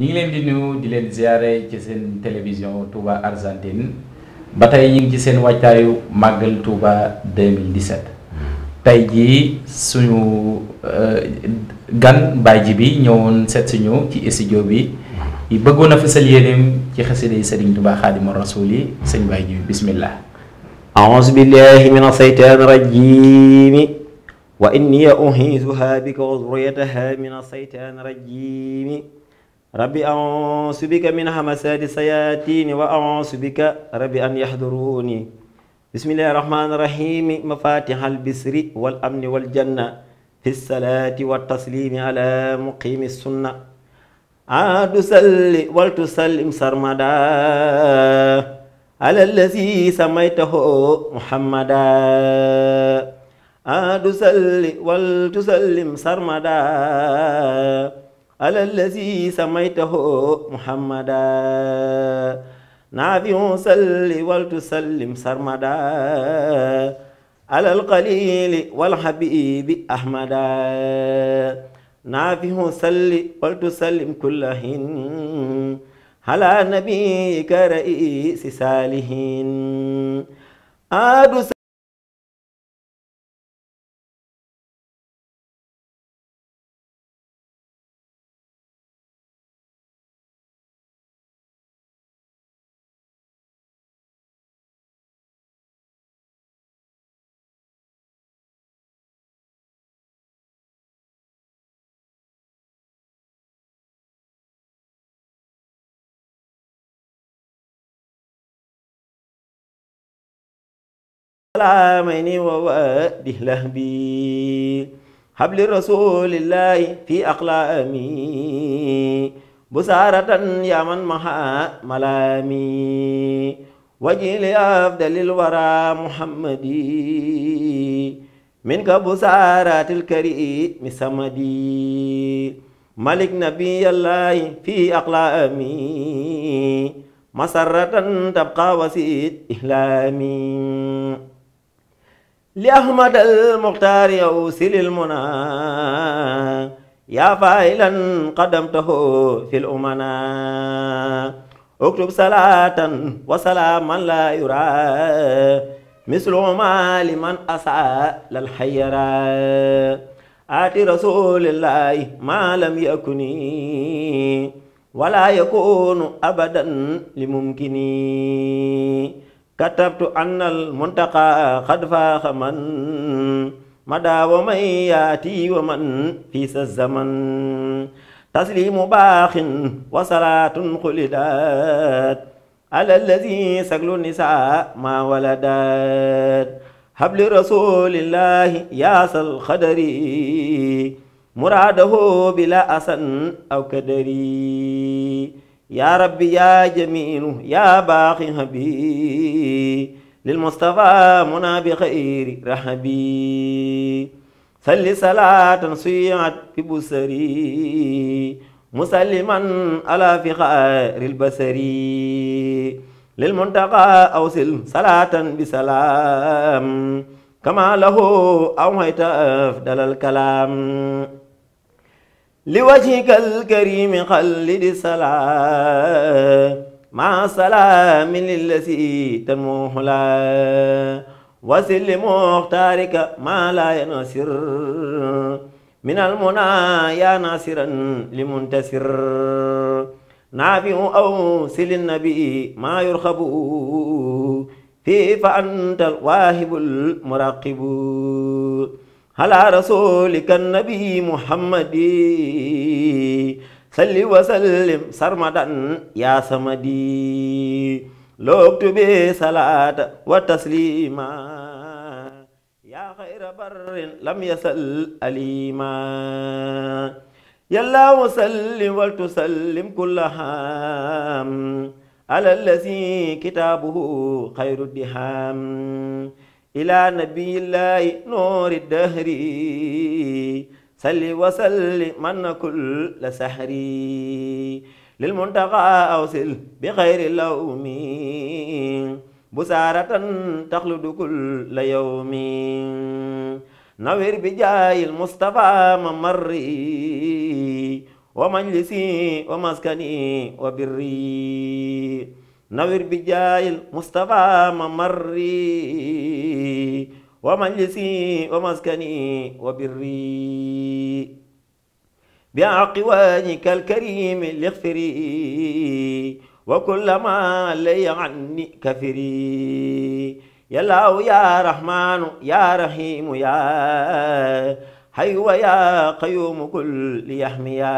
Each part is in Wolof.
ñi ngi leen di nuyu di leen ziare ci seen télévision Touba Argentine ba tey ñi ci seen wàccaayu màggal Touba 2017 tey jii suñu euh, gan bàyyi bi ñëwoon seet ci studio bi bëggoon a fësal yéeneem ci xasida yi Sëriñ Touba Xaadimu Rasuul yi sëñ bàyyi ji bi bismillah aouzu billahi min aseytaan rajimi wa inni uhiisuha bika wa zurriyataha min aseytaan rajimi rabbi a'uuzu bika min hamasaati sayaatiini wa a'uuzu bika rabbi an yahduruuni bismillahi rahmaani rahiimi mafaatihal bisri wal amni wal janna fi salaati wa tasliimi ala muqiimi sunna aadu salli wal tusallim sarmada ala allazi samaytahu muhammada aadu salli wal tusallim sarmada على الذي سميته محمدا نافع صل ولتسلم سرمدا على القليل والحبيب أحمدا نافع صل ولتسلم كل حين على نبيك رئيس سالحين العامين وواد لهبي حبل رسول الله في أقلامي بسارة يا من محا ملامي وجيل أفضل الورى محمدي منك بسارة الكريم سمدي ملك نبي الله في أقلامي مسرة تبقى وسيد إهلامي li ahmad al muxtaar yow silil muna yaa faa'ilan qadamtahu fil umana uktub salaatan wa salaaman laa yuraa misluhumaa liman asaa lal xayyaraa aati rasuulillaahi maa lam yakuni walaa yakunu abadan li mumkini katabtu annal muntaqa qad faaxa man mada wa man yaati wa man fii sa zaman taslimu baaxin wa salaatun xulidat ala allazi saglu nisa ma waladat habli rasulillahi yaasal xadari muraadahu bila asan aw kadari yaa rabbi yaa jamiilu yaa baaxi habi lil mustapha muna bi xayri rahabi salli salaatan suyat bi busari musalliman ala fi xaaril basari lil muntaqa awsil salaatan bi salaam kama lahu aw hayta afdalal kalaam لوجهك الكريم خلد الصلاة مع سلام للذي تنموه لا وسل لمختارك ما لا ينصر من المنى يا ناصرا لمنتصر نافع أو سل النبي ما يرخب فيه فأنت الواهب المراقب على رسولك النبي محمد صل وسلم سرمدا يا سمدي لوكت بصلاة وتسليما يا خير بر لم يسل أليما يلا وسلم ولتسلم كل هام على الذي كتابه خير الدهام إلى نبي الله نور الدهر صل وسلم من كل سحر للمنتقى أوصل بخير اللوم بسارة تخلد كل يوم نوير بجاي المصطفى ممري ومجلسي ومسكني وبري nawir bi jaayil Mustafa mamarri wa majlisi wa maskani wa birri bi aqi waajhika al-karimi lighfiri wa kulla ma layya anni kafiri ya laaw ya rahmanu ya rahimu ya hayyu wa ya qayyumu kulli yahmiya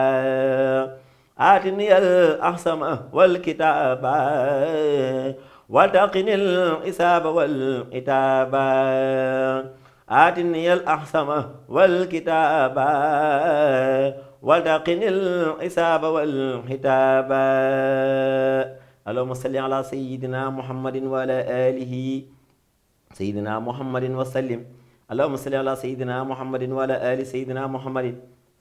آتني الأحسم والكتاب وتقني الحساب والعتاب آتني الأحسم والكتاب وتقني الحساب والعتاب اللهم صل على سيدنا محمد وعلى آله سيدنا محمد وسلم اللهم صل على سيدنا محمد وعلى آل سيدنا محمد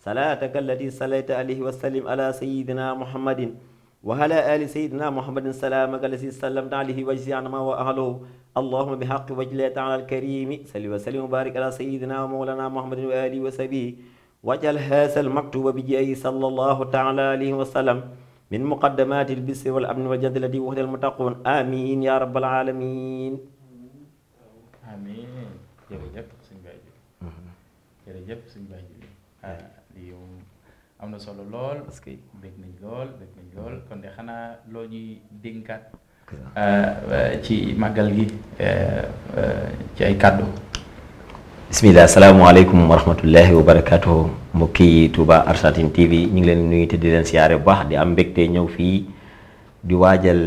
salaataka allati salayta alayhi wa sallim ala sayidina muhammadin wa ala ali sayidina muhammadin salaamaka allati sallamta alayhi wajzi anma wa ahlahu allahuma bi xaqi wajla taala alkarimi salli wa sallim wa barik ala sayidina wa mawlana muhammadin wa alihi wa sabihi wajal haasa almaktuba bi jayi sallallahu taala alayhi wa sallam min muqaddamati albisri wal amni wal jaddi allati wuxida almutaqun amin ya rabbal alamin amin jërëjëf suñ baay jërëjëf suñ baay yow am na solo lool parce que bëgg nañ lool bëgg nañ kon de xanaa loo ñuy dénkaat ci màggal gi ci ay kàddu bismillah asalaamaaleykum wa rahmatullahi wa barakaatu mbokki Touba Argentine TV ñu ngi leen nuyu te di leen siyaare bu baax di am mbégte ñëw fii di waajal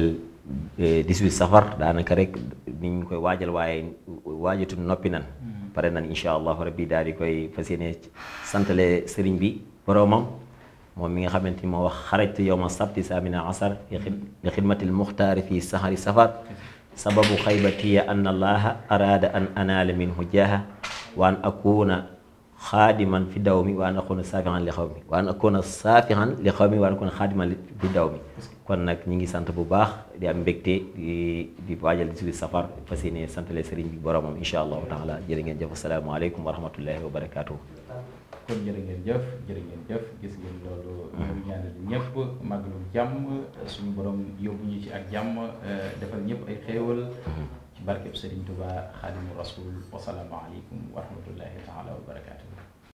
18 eh, safar daanaka rek ni koy waajal waaye waajatu noppi nan mm. pare nan incha allahu rabbi daal di koy fas yéene santale sëriñ bi boroomam moom mi nga xamante ni moo wax xarajtu yowma sabti saamina asar li xidmatil muxtaari fi sahari safar sababu xaybatiya an allaha araada an anaala minhu jaaha wa an akuna xaadiman fi daw mi waan akoona saafihan li xaw mi waan akoona saafihan li xaw mi waan akoona xaadiman fi daw mi kon nag ñi ngi sant bu baax di am mbégte di di waajal di suli safar fas yéene santale sëriñ bi boromam insha allahu taala jërë ngeen jëf asalaamaaleykum wa rahmatullahi wa barakaatu. kon jërë ngeen jëf jërë gis ngeen loolu ñu ñaanal ñëpp màggalu jàmm suñu borom yóbbu ñu ci ak jàmm defal ñëpp ay xéewal ci barkeb Sëriñ Tuubaa Xaadimu Rasuul wasalaamu aleykum wa rahmatullahi taala wa barakaatu